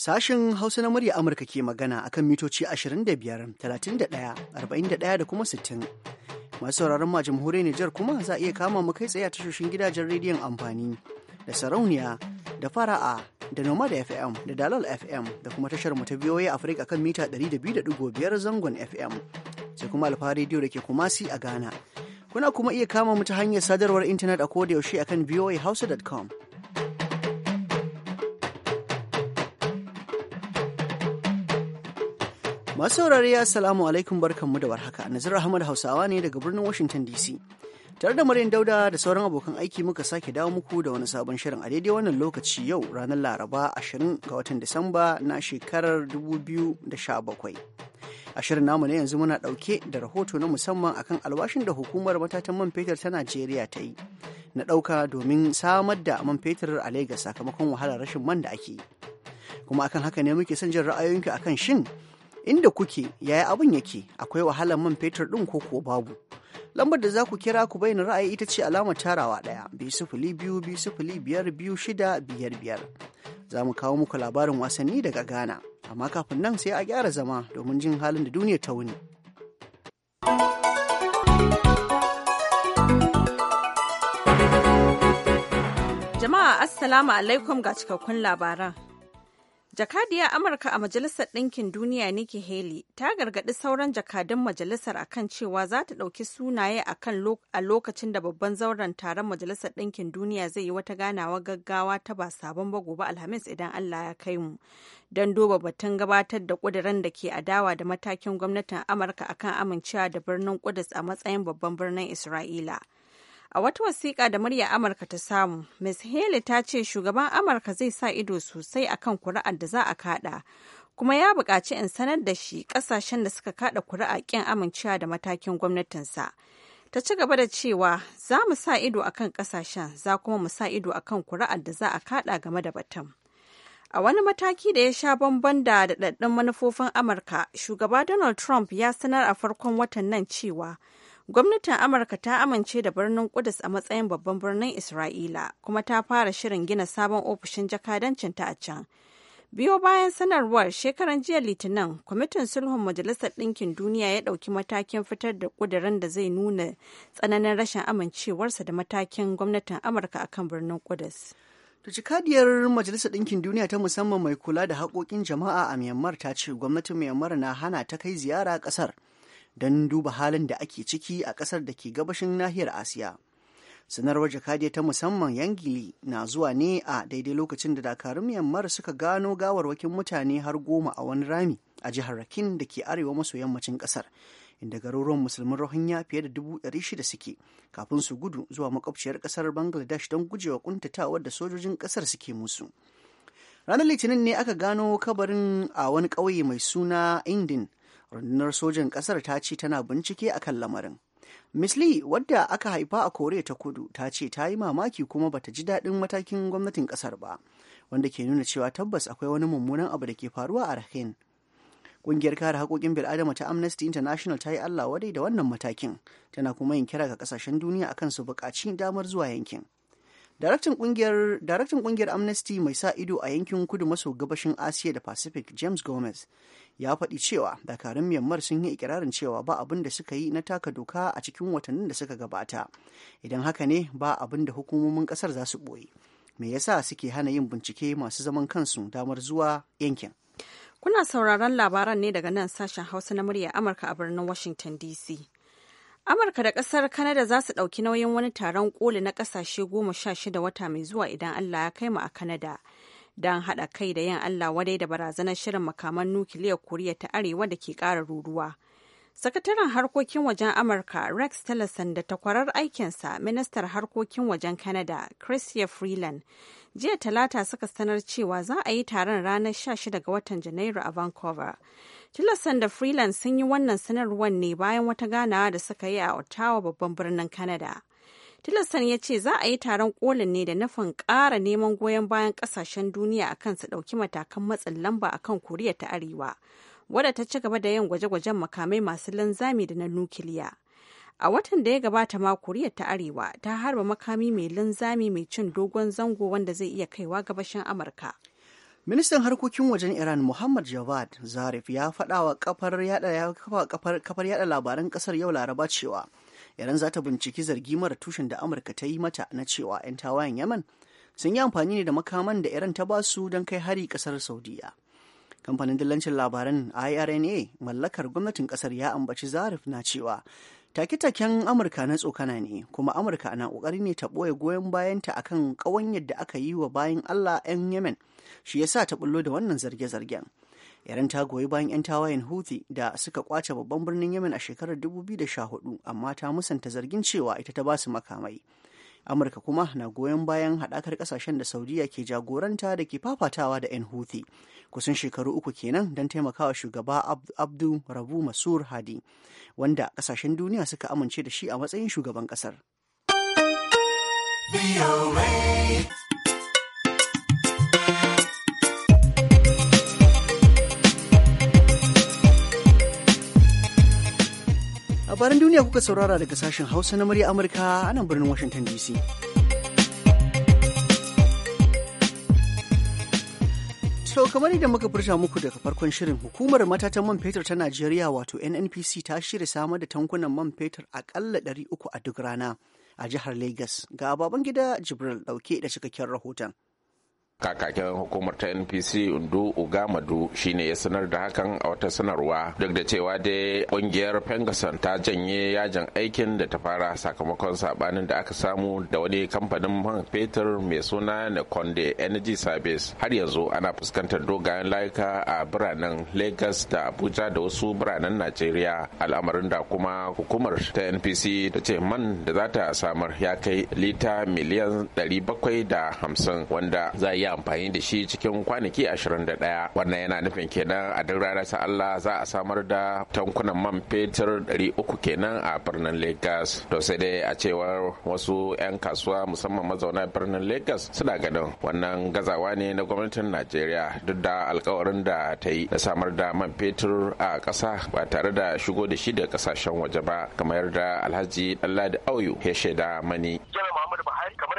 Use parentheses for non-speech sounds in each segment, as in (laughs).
Sashen Hausa na murya Amurka ke magana akan mitoci 25, 31, 41 da kuma 60. Masu sauraron ma jamhuriyar Nijar kuma za a iya kama mu kai tsaye a tashoshin gidajen rediyon amfani da sarauniya da fara'a da nomad FM da dalal FM da kuma tashar mu ta VOA Afirka kan mita 200.5 zangon FM. Sai kuma alfa rediyo da ke kumasi a Ghana. Kuna kuma iya kama mu ta hanyar sadarwar intanet a yaushe akan voahausa.com. Masu saurari assalamu alaikum barkanmu da warhaka. Nazir Ahmad Hausawa ne daga birnin Washington DC. Tare da Maryam Dauda da sauran abokan aiki muka sake dawo muku da wani sabon shirin a daidai wannan lokaci yau ranar Laraba 20 ga watan Disamba na shekarar 2017. A shirin namu na yanzu muna ɗauke da rahoto na musamman akan alwashin da hukumar matatan man fetur ta Najeriya ta yi na ɗauka domin samar da man fetur a Legas sakamakon wahalar rashin man da ake yi. Kuma akan haka ne muke son jin ra'ayoyinka akan shin inda kuke yaya abin yake akwai wahalar man fetur ɗin ko kuwa babu lambar da za ku kira ku bayyana ra'ayi ita ce alamar tarawa ɗaya biyu sifili biyu biyu sifili biyar biyu shida biyar biyar za mu kawo muku labarin wasanni daga ghana amma kafin nan sai a gyara zama domin jin halin da duniya ta wuni jama'a assalamu alaikum ga cikakkun labaran Jakadiyar Amurka a Majalisar Ɗinkin Duniya Nikki Haley ta gargaɗi sauran jakadun majalisar akan cewa za ta ɗauki sunaye a a lokacin da babban zauren taron Majalisar Ɗinkin Duniya zai yi wata ganawa gaggawa ta ba sabon ba gobe Alhamis idan Allah ya kai mu don duba batun gabatar da ƙuduran da ke adawa da matakin gwamnatin Amurka akan amincewa da birnin Ƙudus a matsayin babban birnin Isra'ila. A wata wasiƙa da murya Amurka ta samu, Ms. Haley ta ce shugaban Amurka zai sa ido sosai akan kuri'ar da za a kada, kuma ya buƙaci in sanar da shi ƙasashen da suka kada kuri'a ƙin amincewa da matakin gwamnatinsa. Ta ci gaba da cewa za mu sa ido akan ƙasashen, za kuma mu sa ido a kan kuri'ar da za a kada game da batun. A wani mataki da ya sha bamban da daɗaɗɗun manufofin Amurka, shugaba Donald Trump ya sanar a farkon watan nan cewa Gwamnatin Amurka ta amince da birnin Kudus a matsayin babban birnin Isra'ila kuma ta fara shirin gina sabon ofishin jakadancin ta a can. Biyo bayan sanarwar shekaran jiya Litinin, Kwamitin Sulhun Majalisar Ɗinkin Duniya ya ɗauki matakin fitar da ƙudurin da zai nuna tsananin rashin amincewarsa da matakin gwamnatin Amurka akan birnin Kudus. da cikadiyar Majalisar Ɗinkin Duniya ta musamman mai kula da haƙoƙin jama'a a Myanmar ta ce gwamnatin Myanmar na hana ta kai ziyara ƙasar. don duba halin da ake ciki a ƙasar da ke gabashin nahiyar asiya sanarwar jakadiya ta musamman yangili na zuwa ne a daidai lokacin da dakarun myanmar suka gano gawarwakin mutane har goma a wani rami a jihar rakin da ke arewa maso yammacin kasar inda garuruwan musulmin rohingya fiye da dubu ɗari shida suke kafin su gudu zuwa makwabciyar kasar bangladesh don gujewa kuntatawar da sojojin kasar suke musu ranar litinin ne aka gano kabarin a wani ƙauye mai suna indin rundunar sojan kasar ta ce tana bincike a kan lamarin Miss Lee wadda aka haifa a Koriya ta kudu ta ce ta yi mamaki kuma ba ta ji daɗin matakin gwamnatin ƙasar ba wanda ke nuna cewa tabbas akwai wani mummunan abu da ke faruwa a Rakhine. Ƙungiyar kare haƙoƙin bil'adama ta Amnesty International ta yi Allah wadai da wannan matakin tana kuma yin kira ga kasashen duniya akan su buƙaci damar zuwa yankin. Daraktan kungiyar Amnesty mai sa ido a yankin kudu maso gabashin Asiya da Pacific James Gomez ya faɗi cewa dakarun Myanmar sun yi ikirarin cewa ba abin da suka yi na taka doka a cikin watannin da suka gabata. Idan haka ne ba abin da hukumomin ƙasar za su ɓoye. Me yasa suke hana yin bincike masu zaman kansu damar zuwa yankin? Kuna sauraron labaran ne daga nan sashen Hausa na murya Amurka a birnin Washington DC. Amurka da ƙasar Kanada za su ɗauki nauyin wani taron ƙoli na ƙasashe goma sha shida wata mai zuwa idan Allah ya kai mu a Kanada. Don haɗa kai da yin Allah wadai da barazanar shirin makaman nukiliyar Koriya ta Arewa da ke ƙara ruruwa. Sakataren harkokin wajen Amurka Rex Tillerson da takwarar aikinsa ministar harkokin wajen Kanada, Chrystia Freeland jiya talata suka sanar cewa za a yi taron ranar 16 ga watan Janairu a Vancouver. Tillerson da Freeland sun yi wannan sanarwar ne bayan wata ganawa da suka yi a Ottawa babban birnin Canada. Tillerson ya ce za a yi taron kolin ne da nufin ƙara neman goyon bayan ƙasashen duniya akan su ɗauki matakan matsin lamba a kan Koriya ta Arewa, wadda ta ci gaba da yin gwaje-gwajen makamai masu linzami da na nukiliya. A watan da ya gabata ma Koriya ta Arewa ta harba makami mai linzami mai cin dogon zango wanda zai iya kaiwa gabashin Amurka. Ministan harkokin wajen Iran Muhammad Javad Zarif ya faɗa wa kafar yada labaran kasar yau Laraba cewa Iran za ta binciki zargi mara tushen da Amurka ta yi mata na cewa 'yan tawayen yaman sun yi amfani ne da makaman da Iran ta basu don kai hari kasar Saudiya. Kamfanin dillancin labaran IRNA mallakar gwamnatin kasar ya ambaci Zarif na cewa Take-taken Amurka na tsokana ne, kuma Amurka na ƙoƙari ne ta ɓoye goyon bayanta a kan ƙawanyar da aka yi wa bayan Allah 'yan Yemen, shi ya sa ta bullo da wannan zarge-zargen. yaren ta goyi bayan 'yan tawayen Houthi da suka kwace babban birnin Yemen a shekarar 2014, amma ta musanta zargin cewa ita ta basu makamai. amurka kuma na goyon bayan haɗakar ƙasashen da saudiya ke jagoranta da ke fafatawa da 'yan huthi kusan shekaru uku kenan don taimakawa shugaba abdu rabu masur hadi wanda ƙasashen duniya suka amince da shi a matsayin shugaban ƙasar. labaran duniya kuka saurara daga sashen Hausa na murya Amurka a nan birnin Washington DC. To kamar yadda muka furta muku daga farkon shirin hukumar matatan man fetur ta Najeriya wato NNPC ta shirya samar da tankunan man fetur akalla 300 a duk rana a jihar Lagos ga ababen gida Jibril dauke da cikakken rahoton. kakakin hukumar ta npc undu ugamadu shine ya sanar da hakan a wata sanarwa duk da cewa dai kungiyar pengason ta janye yajin aikin da ta fara sakamakon sabanin da aka samu da wani kamfanin man fetur mai suna na Konde energy service har yanzu ana fuskantar dogayen layuka a biranen lagos da abuja da wasu biranen najeriya al'amarin da kuma hukumar ta npc ta ce man da za ta samar ya kai lita miliyan 750 wanda za iya amfani da shi cikin kwanaki 21 wannan yana nufin kenan a duk ranar Allah za a samar da tankunan man fetur 300 kenan a birnin Lagos to sai dai a cewar wasu 'yan kasuwa musamman mazauna birnin Lagos suna ganin wannan gazawa ne na gwamnatin Najeriya duk da alkawarin da ta yi na samar da man fetur a ƙasa ba tare da shigo da shi da ƙasashen waje ba kamar da Alhaji Ɗanladi Auyu ya shaida mani.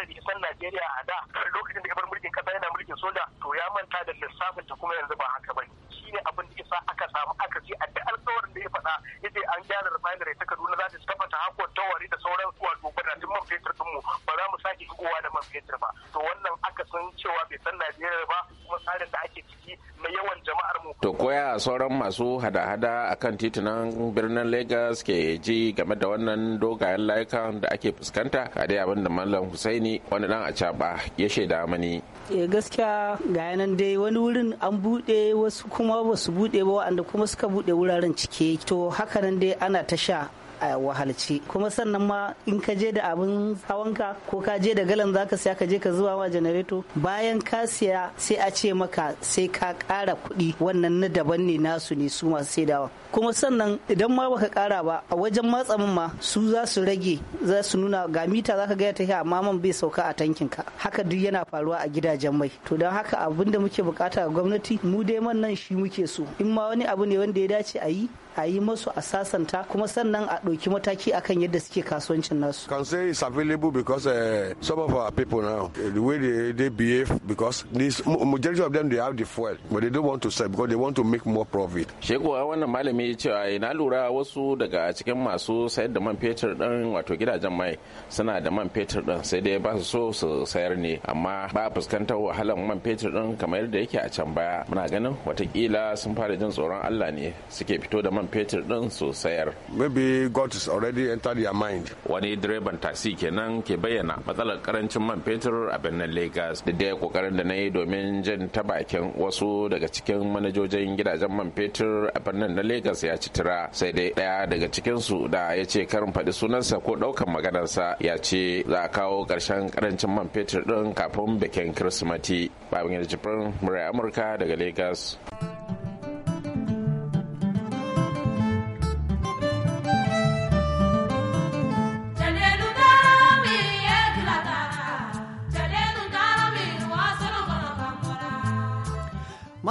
al'adari isan Najeriya a da lokacin da ya bar mulkin kasa yana mulkin soja to ya manta da lissafin ta kuma yanzu ba haka bane shine abin da sa aka samu akasi a duk alkawarin da ya faɗa ce an gyara refinery ta Kaduna za ta tabbata hako tawari da sauran wato da man fetur tunmu ba za mu sake shigowa da man ba to wannan aka san cewa bai san Najeriya ba kuma tsarin da ake ciki na yawan jama'ar mu to koya sauran masu hada-hada a kan titunan birnin Lagos ke ji game da wannan dogayen layukan da ake fuskanta a dai abin da Mallam Hussaini wani dan acaba ya shaida mani eh, gaskiya ga yanan dai wani wurin an buɗe wasu kuma ba buɗe. buɗe ba wa'anda kuma suka buɗe wuraren cike to hakanan dai ana ta sha a wahalci kuma sannan ma in ka je da abin hawanka ko ka je da galan zaka siya ka je ka zuwa ma janareto bayan ka siya sai a ce maka sai ka kara kuɗi wannan na daban ne nasu ne su masu saidawa kuma sannan idan ma baka kara ba a wajen matsamin ma su za su rage za su nuna ga mita zaka ga ta amma man bai sauka a tankin ka haka duk yana faruwa a gidajen mai to don haka abin da muke bukata ga gwamnati mu dai man nan shi muke so in ma wani abu ne wanda ya dace a yi a yi masu a sasanta kuma sannan a ɗauki mataki akan yadda suke kasuwancin nasu. Can say it's available because uh, some of our people now uh, the way they, they behave because this majority of them they have the fuel but they don't want to sell because they want to make more profit. Sheko wannan malami ya ce na lura wasu daga cikin masu sayar da man fetur ɗin wato gidajen mai suna da man fetur ɗin sai dai ba su so su sayar ne amma ba fuskantar wahalar man fetur ɗin kamar yadda yake a can baya muna ganin watakila sun fara jin tsoron Allah ne suke fito da man man fetur din su sayar. Maybe God is already entered your mind. Wani direban tasi kenan ke bayyana matsalar karancin man fetur a birnin Lagos da dai kokarin da na yi domin jin ta bakin wasu daga cikin manajojin gidajen man fetur a birnin na Lagos ya ci tira sai dai daya daga cikin su da ya ce karin faɗi sunansa ko ɗaukan maganarsa ya ce za a kawo ƙarshen karancin man fetur din kafin bikin Kirsimati. Babin Yarjifin Murai Amurka daga Lagos.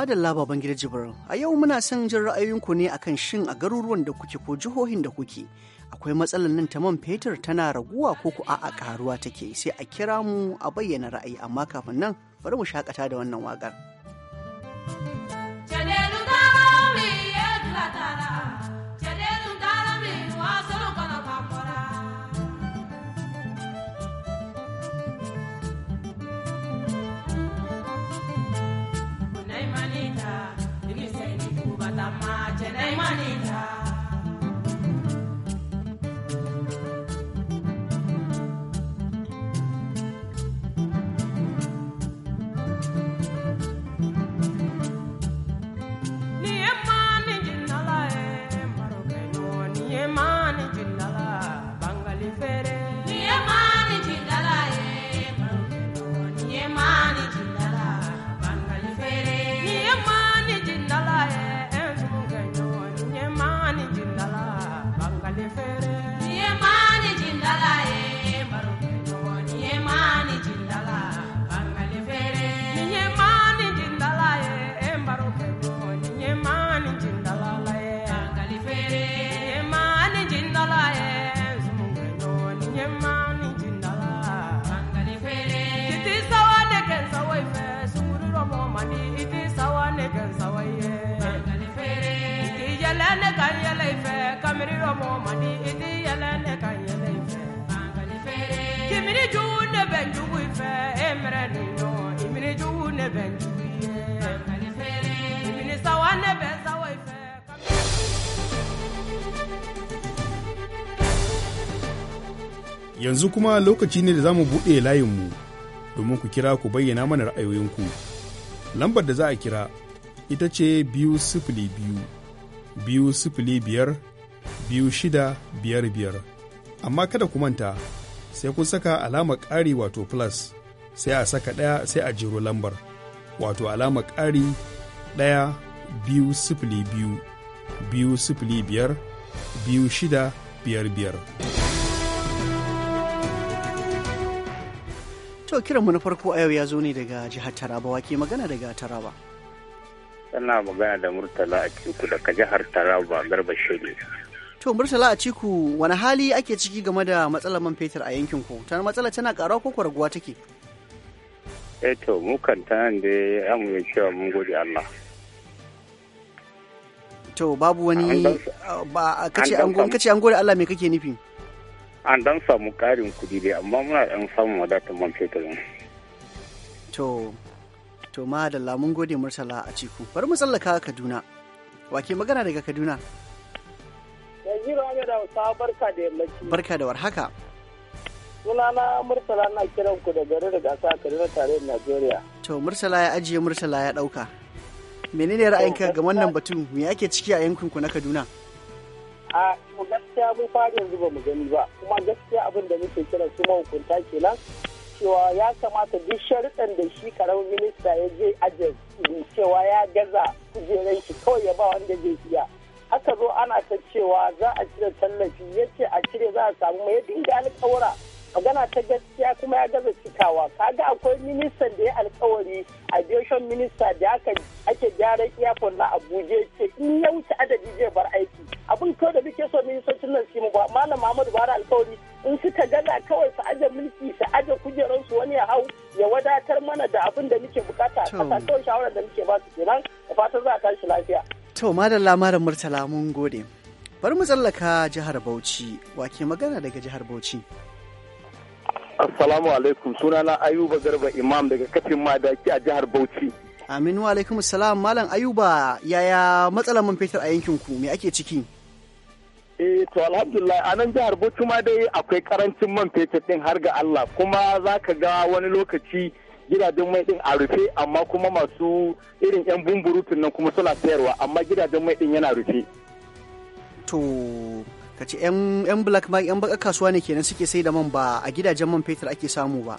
da baban gida Jibril, a yau muna son jin ra'ayoyinku ne akan shin a garuruwan da kuke ko jihohin da kuke. Akwai matsalar nan ta man fetur tana raguwa ko ku a'a karuwa take sai a kira mu a bayyana ra'ayi amma kafin nan bari mu shakata da wannan wakar Janelu Yanzu kuma lokaci ne da za mu buɗe layinmu domin ku kira ku bayyana mana ra'ayoyinku. Lambar da za a kira ita ce biyu sifili biyu, biyu sifili biyar biyar amma kada ku manta sai kun saka alama ƙari wato plus sai a saka ɗaya sai a jiro lambar wato alama ƙari ɗaya biyu sifili biyu biyu sifili biyar biyu shida biyar biyar. To kiranmu na farko a yau ya zo ne daga jihar Taraba wake magana daga Taraba. Sannan magana da Murtala a cikin daga jihar Taraba Garba Shehu. To Murtala a ciku wani hali ake ciki game da matsalar man fetur a yankin ku? Tana matsala tana ƙara ko kwarguwa take? Eh to mu kan ta nan da ya mu cewa mun gode Allah. To babu wani ba kace an kace an gode Allah me kake nufi? An dan samu ƙarin kuɗi dai amma muna dan samun wadatar man fetur. To to madalla mun gode Murtala a ciku. Bari mu tsallaka Kaduna. Wa ke magana daga Kaduna? barka da yammaci. Barka da warhaka. Sunana Murtala na kiran ku da gari garin Rigasa Kaduna tarayyar Najeriya. To Murtala ya ajiye Murtala ya ɗauka. Menene ra'ayinka ga wannan batu me ake ciki a yankin ku na Kaduna? A mu gaskiya mun fara yanzu ba mu gani ba kuma gaskiya abin da muke kira su mahukunta kenan cewa ya kamata duk sharuɗan da shi karamin minista ya je ajiye cewa ya gaza kujerar shi kawai ya ba wanda zai siya. aka zo ana ta cewa za a cire tallafi ya ce a cire za a samu mai dinga alkawara magana ta gaskiya kuma ya gaza cikawa kaga akwai ministan da ya alkawari aviation minister da aka ake gyaran iyakon na abuja ce in ya wuce adadi zai bar aiki abin kawai da muke so ministocin nan simu ba malam muhammadu bari alkawari in suka gaza kawai su aje mulki su aje kujeransu wani ya hau ya wadatar mana da abin da muke bukata a kasa kawai shawarar da muke ba su kenan da fatan za a tashi lafiya To, madalla malam Murtala mun gode. Bari mu tsallaka jihar Bauchi, wake magana daga jihar Bauchi. Assalamu alaikum, sunana Ayuba Garba Imam daga kafin madaki a jihar Bauchi. Amin wa alaikum salam malam Ayuba yaya matsalar man fetur a yankin ku me ake ciki? E, to alhamdulillah a nan jihar Bauchi ma dai akwai karancin man fetur din har ga Allah kuma zaka ga wani lokaci gidajen mai din a rufe amma kuma masu irin yan bumburutun nan kuma suna sayarwa amma gidajen mai din yana rufe to ka ce yan black market yan baka kasuwa ne kenan suke sai da man ba a gidajen man fetur ake samu ba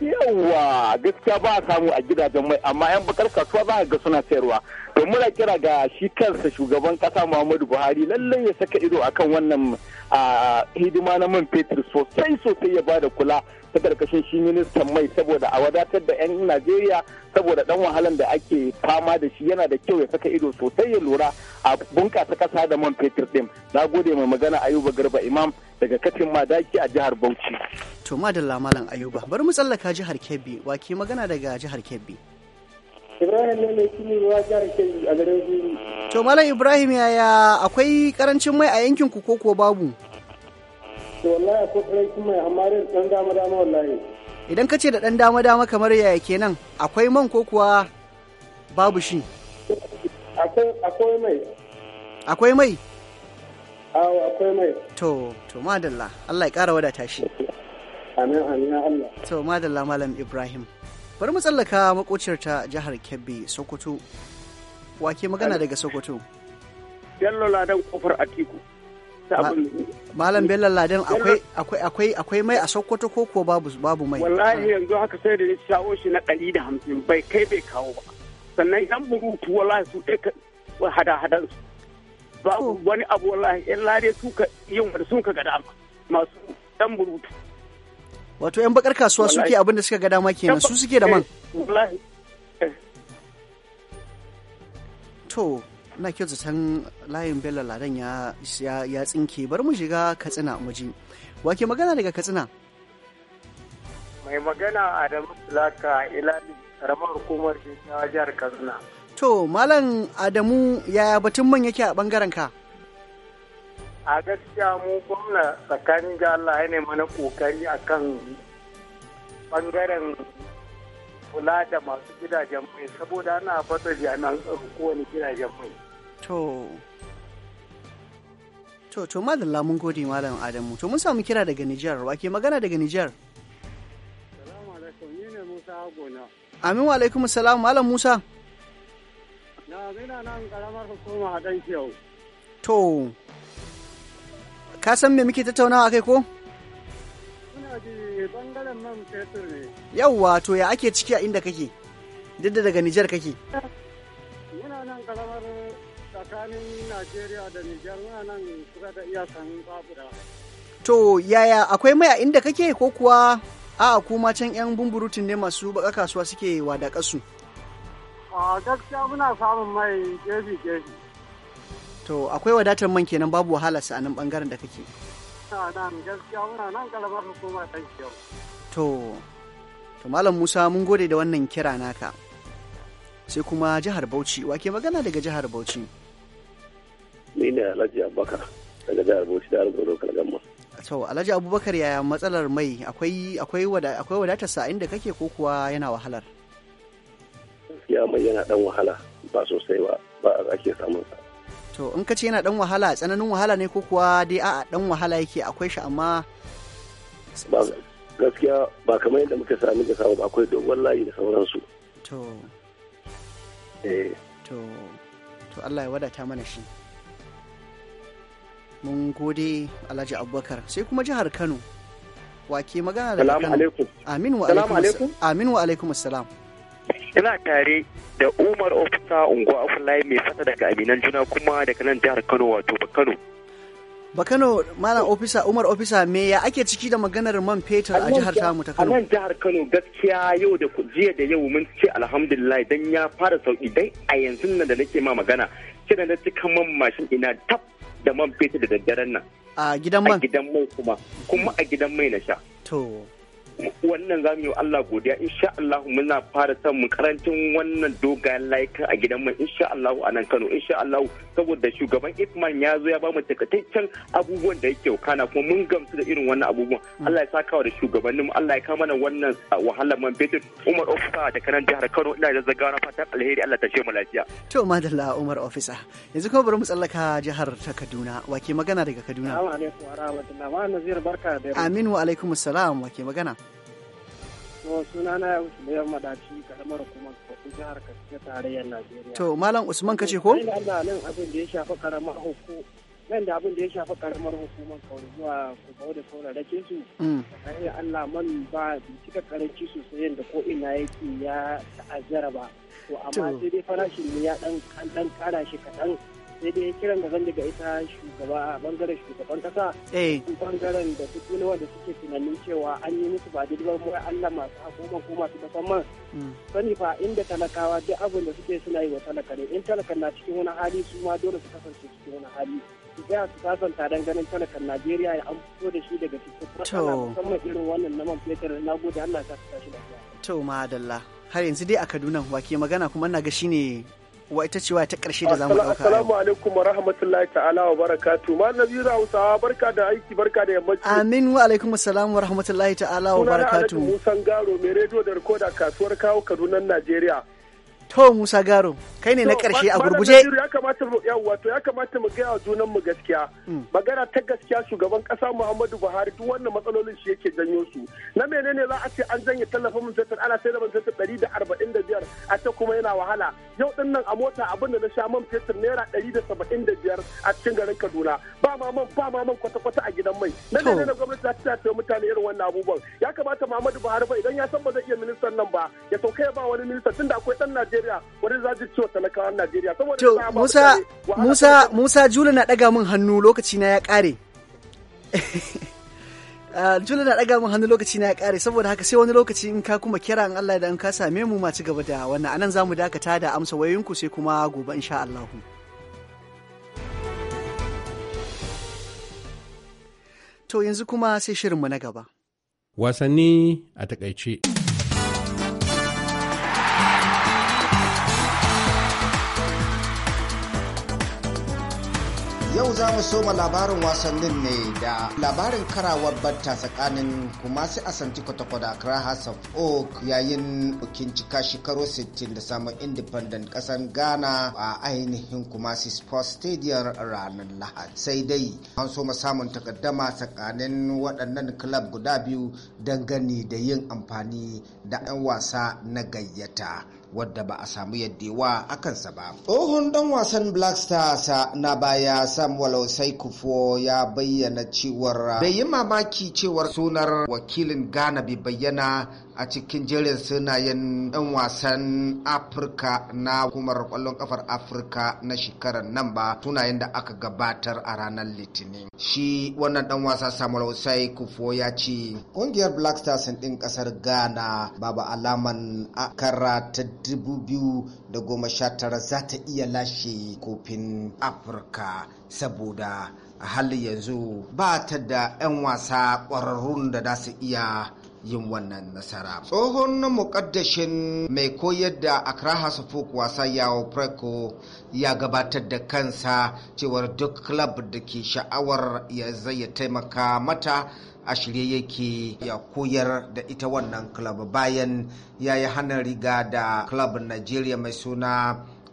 yawwa gaskiya ba a samu a gidajen mai amma yan bakar kasuwa za a ga suna sayarwa to muna kira ga shi kansa shugaban kasa muhammadu buhari lallai ya saka ido akan wannan a hidima na man fetur sosai sosai ya bada kula ta karkashin shi ministan mai saboda a wadatar da 'yan najeriya saboda dan wahalan da ake fama da shi yana da kyau ya saka ido sosai ya lura a bunƙasa ƙasa da man fetur ɗin na gode mai magana ayuba garba imam daga katin madaki a jihar bauchi to madalla malam ayuba bari mu tsallaka jihar kebbi ke magana daga jihar kebbi Ibrahim Lele mai ne ruwa jihar Kebbi a garin Zuru. To Malam Ibrahim yaya akwai karancin mai a yankin ku ko kuwa babu? To wallahi akwai karancin mai amma da dan dama dama wallahi. Idan ka ce da dan dama dama kamar yaya kenan akwai man ko kuwa babu shi? Akwai mai. Akwai mai? Awo akwai mai. To, to madalla, Allah ya kara wadata shi. Amin, amin, Allah. To madalla Malam Ibrahim. bari mu tsallaka makociyar ta jihar kebbi sokoto wake magana daga sokoto bello ladan kofar atiku malam bello ladan akwai akwai mai a sokoto ko kuwa babu babu mai wallahi yanzu haka sai da shawo shi na ɗari da hamsin bai kai bai kawo ba sannan yan burutu wallahi su ɗaya hada hadan su babu wani abu wallahi yan lare su ka yin wani sun ka ga dama masu yan burutu wato yan bakar kasuwa suke abin da suka ga dama kenan su suke da man eh, eh. to na kyau zaton layin bello ladan ya ya tsinke bari mu shiga katsina mu ji wake magana daga katsina mai magana adamu laka ilali karamar hukumar jihar katsina to malam adamu yaya batun man yake a bangaren ka a gaskiya mu gwamna tsakanin ga Allah ya ne mana kokari kan ɓangaren kula da masu gidajen mai saboda ana fata ana tsaro kowane gidajen mai. To. To, to madalla mun gode malam Adamu. To mun samu kira daga Nijar, ke magana daga Nijar. Salamu alaikum, ni ne Musa Amin wa alaikum salam, malam Musa. Na zina nan karamar hukuma a dan kyau. To. ka san me muke tattaunawa kai ko bangaren nan fetur ne. Yawwa to ya ake ciki a inda kake? Duk da daga Nijar kake? Muna nan karamar tsakanin Najeriya da Nijar muna nan kusa da iyakan Babura. To yaya akwai mai a inda kake ko kuwa a kuma can 'yan bumburutun ne masu baka kasuwa suke wadaƙasu? A gaskiya muna samun mai gefe gefe. to akwai wadatar man kenan babu wahala sa nan bangaren da kake to to malam musa mun gode da wannan kira naka sai kuma jihar bauchi wake magana daga jihar bauchi ni ne alhaji abubakar daga jihar bauchi da arzo kalgamma to alhaji abubakar yaya matsalar mai akwai akwai akwai wadatar sa inda kake ko kuwa yana wahalar gaskiya mai yana dan wahala ba sosai ba ba ake samun sa to in ka ce yana dan wahala tsananin wahala ne ko kuwa dai a dan wahala yake akwai shi amma gaskiya ba kamar yadda muka sami ga samu akwai dogon layi da sauransu to eh. to to Allah ya wadata mana shi mun gode Alhaji Abubakar sai kuma jihar Kano wake magana da Kano alaikum amin wa alaikum amin wa alaikum assalam ina tare da umar ofisa unguwa afulai mai fata daga aminan juna kuma daga nan jihar kano wato bakano bakano malam ofisa umar ofisa me ya ake ciki da maganar man fetur a jihar tamu ta kano a nan jihar kano gaskiya yau da jiya da yau mun ce alhamdulillah dan ya fara sauki dai a yanzu nan da nake ma magana kina na cikan man mashin ina tab da man fetur da daddaren nan a gidan man a gidan mai kuma kuma a gidan mai na sha to wannan za mu yi Allah godiya insha Allah muna fara samun karantin wannan dogayen layukan a gidan mu insha Allah a nan Kano insha Allah saboda shugaban ifman ya zo ya ba mu takaitaccen abubuwan da yake kana kuma mun gamsu da irin wannan abubuwan mm. Allah ya saka wa da shugabannin mu Allah ya kama mana wannan ah, wahalar man fetur Umar Officer da kanan jihar Kano ina da zagawa na fatan alheri Allah ta ce mu lafiya to madalla Umar Officer yanzu kuma bari mu tsallaka jihar ta Kaduna wake magana daga Kaduna Assalamu alaikum wa rahmatullahi wa nazir barka da Amin wa alaikum assalam wake magana to sunana ya wuce da yamma da shi karamar hukumar jihar Katsina tarayyar Najeriya. To Malam Usman kace ko? Allah nan abin da ya shafi karamar hukuma nan da abin da ya shafi karamar hukumar kawai zuwa kuma da sauran rake su. Tare mm. Allah man ba cika karanci sosai yanda ko ina yake ya ta'azzara ba. To amma sai dai farashin ne ya dan kara shi kaɗan. sai dai kiran da zan daga ita shugaba a bangaren shugaban kasa eh. su bangaren da su wanda suke tunanin cewa an yi musu ba daidai ba Allah masu hakuma ko masu musamman sani fa inda talakawa duk abin da suke suna yi wa talaka ne in talakan na cikin wani hali su ma dole su kasance cikin wani hali su tsaya su sasanta don ganin talakan Najeriya ya amfuto da shi daga cikin matsala musamman irin wannan na fetur na gode Allah ya sa su tashi lafiya. To madalla har yanzu dai a Kaduna wake magana kuma na ga shine wa ita ce ta karshe da zamu dauka assalamu alaikum wa rahmatullahi ta'ala wa barakatuh ma nabi hausawa barka da aiki barka da yammaci amin wa alaikum assalam wa rahmatullahi ta'ala wa barakatuh sunan Musan Garo mai rediyo da rikoda kasuwar kawo Kaduna Najeriya to Musa Garo kai ne na ƙarshe a gurguje ya kamata mu wato ya kamata mu gaya junan mu gaskiya mm. magana ta gaskiya shugaban ƙasa Muhammadu Buhari duk wannan matsalolin shi yake janyo su na menene za a ce an janye tallafin mu zata ana sai da mun zata 145 a ta kuma yana wahala yau din nan a mota abinda na sha man fetur naira 175 a cikin garin Kaduna ba ma man ba ma kwata-kwata a gidan mai na menene gwamnati za ta ce mutane irin wannan abubuwan ya kamata Muhammadu Buhari ba idan ya san ba zai iya ministan nan ba ya sauka ya ba wani ministan tunda akwai dan Najeriya Najeriya wani Musa Musa na ɗaga min hannu lokaci na ya ƙare, (laughs) ah, Jula na ɗaga min hannu lokaci na ya ƙare, saboda haka sai wani lokaci in ka kuma kira in Allah da in ka same mu ma ci gaba da wannan anan zamu dakata da amsa wayoyinku sai kuma gobe in insha Allahu. To yanzu kuma sai shirinmu na gaba. Wasanni a takaice. Yau za mu soma labarin wasannin ne da labarin karawar batta tsakanin Kumasi Asanti Kwatakwa da Accra House of Oak yayin bikin cika shekaru 60 da samun independent kasan Ghana a ainihin Kumasi Sports Stadium ranar Lahadi. Sai dai an soma samun takaddama tsakanin waɗannan club guda biyu dangane da yin amfani da 'yan wasa na gayyata. wadda ba a samu yaddewa a kansa ba. Tsohon dan wasan Black Stars na baya Samuel sai Kufo ya bayyana cewar bai yi mamaki cewar sunar wakilin Ghana bai bayyana a cikin jerin sunayen 'yan wasan afirka na hukumar kwallon kafar afirka na shekarar nan ba sunayen da aka gabatar a ranar litinin shi wannan dan wasa samuel usai kufo ya ce kungiyar black stars din kasar ghana babu alaman a kara ta dubu biyu da goma tara za ta iya lashe kofin afirka saboda a halin yanzu ba ta da 'yan wasa ƙwararrun da za su iya yin wannan nasara. Tsohon mukaddashin mai koyar da Accra Hasafuk wasa yawo Preko ya gabatar da kansa cewar duk club da ke sha'awar ya zai taimaka mata a shirye yake ya koyar da ita wannan club bayan ya yi hana riga da club Nigeria mai suna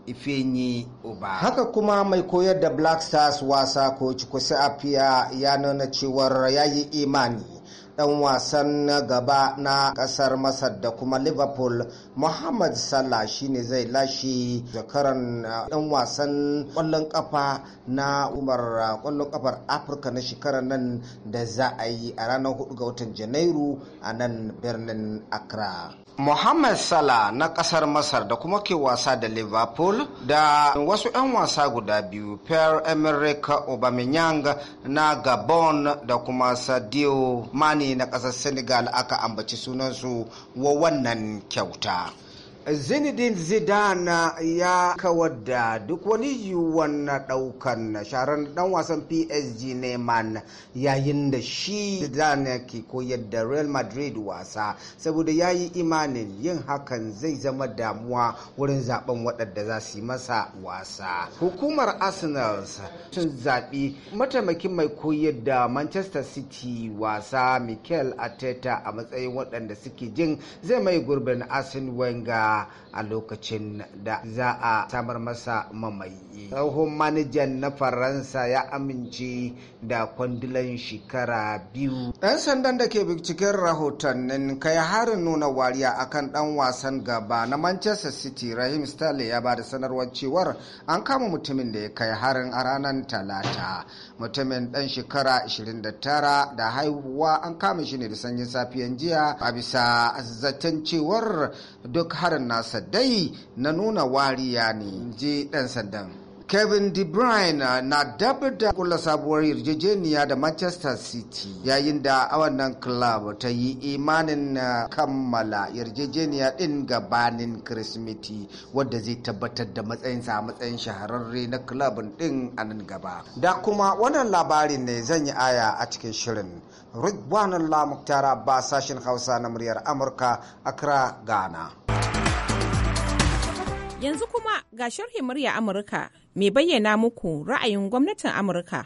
Ifeanyi Oba. Haka kuma mai koyar da Black Stars wasa ko Chukwusi ya nuna cewar ya yi imani dan wasan gaba na kasar masar da kuma liverpool muhammad salah ne zai lashe zakaran yan uh, wasan kwallon ƙafa na umar kwallon uh, ƙafar afirka na shekarar nan da za a yi a ranar 4 ga watan janairu a nan birnin accra Muhammad Salah na kasar Masar da kuma ke wasa da Liverpool da wasu 'yan wasa guda biyu Pierre-Emerick Aubameyang na Gabon da kuma Sadio Mane na kasar Senegal aka ambaci sunansu wa wannan kyauta. zinedine zidane ya kawar da duk wani yiwuwan na daukan sharan dan wasan psg neman yayin da shi zidane ke koyar da real madrid wasa saboda ya yi imanin yin hakan zai zama damuwa wurin zaben waɗanda za su yi masa wasa hukumar arsenal sun zaɓi mataimakin mai koyar da manchester city wasa mikel arteta a matsayin waɗanda suke jin zai mai gurbin arsene wenger a lokacin da za a samar masa mamaye. tsohon manajan na faransa ya amince da kwandilan shekara biyu ɗan sandan da ke binciken rahotannin kai harin nuna wariya akan ɗan wasan gaba na manchester city rahim Sterling, ya ba da sanarwar cewar an kama mutumin da ya kai harin a ranar talata mutumin ɗan shekara 29 da haihuwa an kama shi ne da sanyin safiyan jiya a bisa zaton cewar duk harin na nasa dai na nuna wariya ne je dan ɗan sandan Kevin De Bruyne uh, na dabar da kula sabuwar yarjejeniya da Manchester City yayin da a wannan club ta yi imanin uh, kammala yarjejeniya din gabanin Kirsimeti wadda zai tabbatar da matsayinsa a matsayin shahararre na club din a nan gaba. Da kuma wannan labarin ne zan yi aya a cikin shirin. Ridwan lamuktara ba sashen Hausa na muryar Amurka, Accra, Ghana. Yanzu kuma ga sharhi murya Amurka mai bayyana muku ra'ayin gwamnatin Amurka.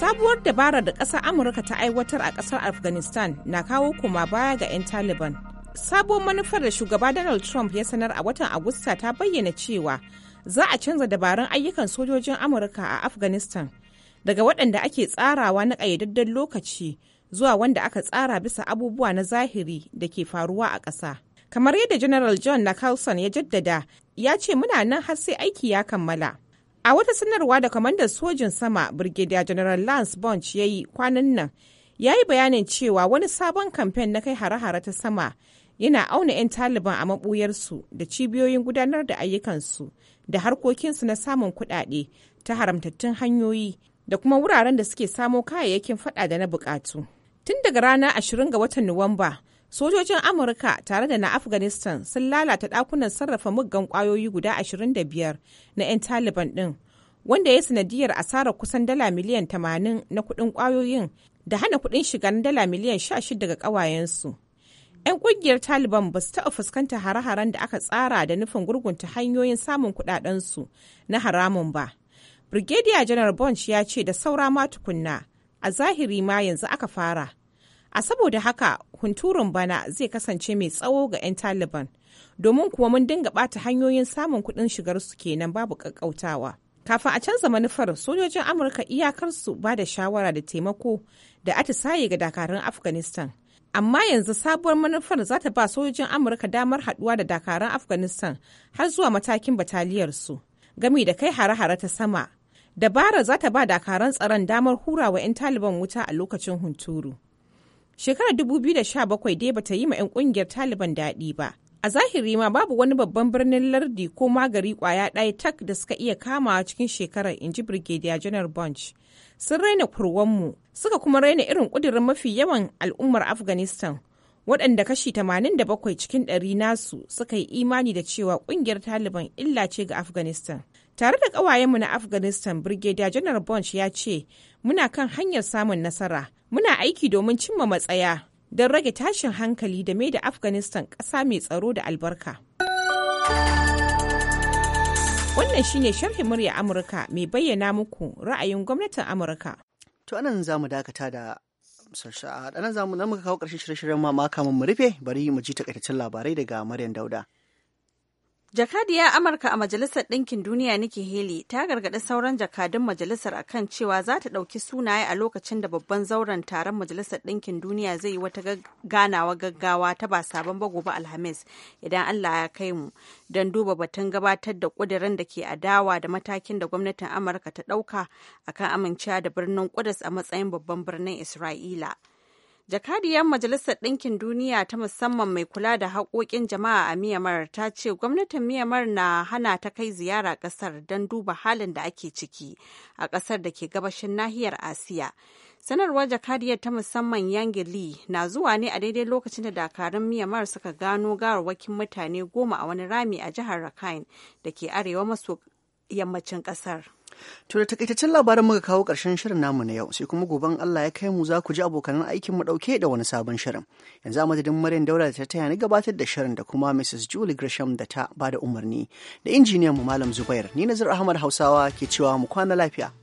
Sabuwar dabarar da ƙasar Amurka ta aiwatar a ƙasar Afghanistan na kawo kuma baya ga 'yan Taliban. Sabuwar manufar da shugaba Donald Trump ya sanar a watan Agusta ta bayyana cewa za a canza dabarun ayyukan sojojin Amurka a Afghanistan daga waɗanda ake tsarawa na ƙayyadadden lokaci zuwa wanda aka tsara bisa abubuwa na zahiri da ke faruwa a ƙasa. Kamar yadda General John Nicholson ya jaddada, ya ce muna nan har sai aiki ya kammala. A wata sanarwa da kwamandan sojin sama Brigadier General Lance Bunch ya yi kwanan nan, ya yi bayanin cewa wani sabon kamfen na kai hare-hare ta sama yana auna 'yan taliban a maɓuyarsu da cibiyoyin gudanar da ayyukansu da harkokinsu na samun kuɗaɗe ta haramtattun hanyoyi da kuma wuraren da suke samo kayayyakin faɗa da na bukatu. Tun daga ranar 20 ga watan Nuwamba, sojojin Amurka tare da na Afghanistan sun lalata ɗakunan sarrafa muggan kwayoyi guda 25 na 'yan Taliban ɗin, wanda ya yi sanadiyar asarar kusan dala miliyan 80 na kuɗin kwayoyin da hana kuɗin shiga na dala miliyan 16 daga ƙawayensu. 'Yan ƙungiyar Taliban ba su taɓa fuskanta hare-haren da aka tsara da nufin gurgunta hanyoyin samun kuɗaɗensu na haramun ba. Brigadier General Bunch ya ce da saura ma tukunna a zahiri ma yanzu aka fara. A saboda haka hunturun bana zai kasance mai tsawo ga 'yan Taliban, domin kuwa mun dinga ɓata hanyoyin samun kuɗin shigarsu kenan babu ƙaƙƙautawa. Kafin a canza manufar sojojin Amurka iyakarsu ba da shawara da taimako da atisaye ga dakarun Afghanistan. Amma yanzu sabuwar manufar za ta ba sojojin Amurka damar haɗuwa da dakarun Afghanistan har zuwa matakin bataliyarsu, gami da kai hare-hare ta sama dabara za ta ba dakaran tsaron damar hura wa 'yan taliban wuta a lokacin hunturu shekarar 2017 dai bata yi ma 'yan kungiyar taliban daɗi ba a zahiri ma babu wani babban birnin lardi ko magari kwaya ɗaya tak da suka iya kamawa cikin shekarar inji brigadier general bunch sun raina kurwanmu suka kuma raina irin ƙudurin mafi yawan al'ummar afghanistan waɗanda kashi 87 cikin ɗari nasu suka yi imani da cewa ƙungiyar taliban illa ce ga afghanistan Tare da ƙawayenmu na Afghanistan Brigadier janar Bunch ya ce, Muna kan hanyar samun nasara, muna aiki domin cimma matsaya don rage tashin hankali da mai da Afghanistan ƙasa mai tsaro da albarka. Wannan shine sharhin murya Amurka mai bayyana muku ra'ayin gwamnatin Amurka. To anan za mu dakata da sarsha, nan za mu kawo ƙarshen shirye-shiryen mamaka mu rufe bari mu ji takaitaccen labarai daga Maryam Dauda. Jakadiyar Amurka a Majalisar Ɗinkin Duniya Nikki Haley ta gargaɗi sauran jakadun majalisar akan cewa za ta ɗauki sunaye a lokacin da babban zauren taron Majalisar Ɗinkin Duniya zai yi wata ganawa gaggawa ta ba sabon ba gobe Alhamis idan Allah ya kai mu don duba batun gabatar da ƙudurin da ke adawa da matakin da gwamnatin Amurka ta ɗauka akan amincewa da birnin Ƙudus a matsayin babban birnin Isra'ila. jakadiyar majalisar ɗinkin duniya ta musamman mai kula da haƙoƙin jama'a a miyamar ta ce gwamnatin miyamar na hana ta kai ziyara ƙasar don duba halin da ake ciki a ƙasar da ke gabashin nahiyar asiya sanarwar jakadiyar ta musamman yangi lee na zuwa ne a daidai lokacin da dakarun miyamar suka gano gawarwakin mutane goma a wani rami a jihar rakhine da ke arewa maso yammacin ƙasar. To da takaitaccen labarin muka kawo ƙarshen shirin namu na yau sai kuma goben Allah ya kai mu za ku ji abokan aikin mu ɗauke da wani sabon shirin. Yanzu a madadin Maryam Daura da ta taya ni gabatar da shirin da kuma Mrs. Julie Gresham da ta bada umarni da injiniyan mu Malam Zubair ni Nazir Ahmad Hausawa ke cewa mu kwana lafiya.